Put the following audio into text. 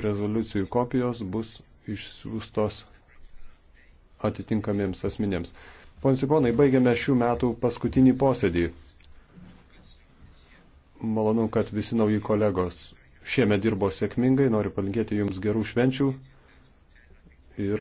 rezoliucijų kopijos bus išsiųstos atitinkamiems asmenėms. Pons ir ponai, baigiame šių metų paskutinį posėdį. Malonu, kad visi nauji kolegos šiemet dirbo sėkmingai, noriu palinkėti jums gerų švenčių.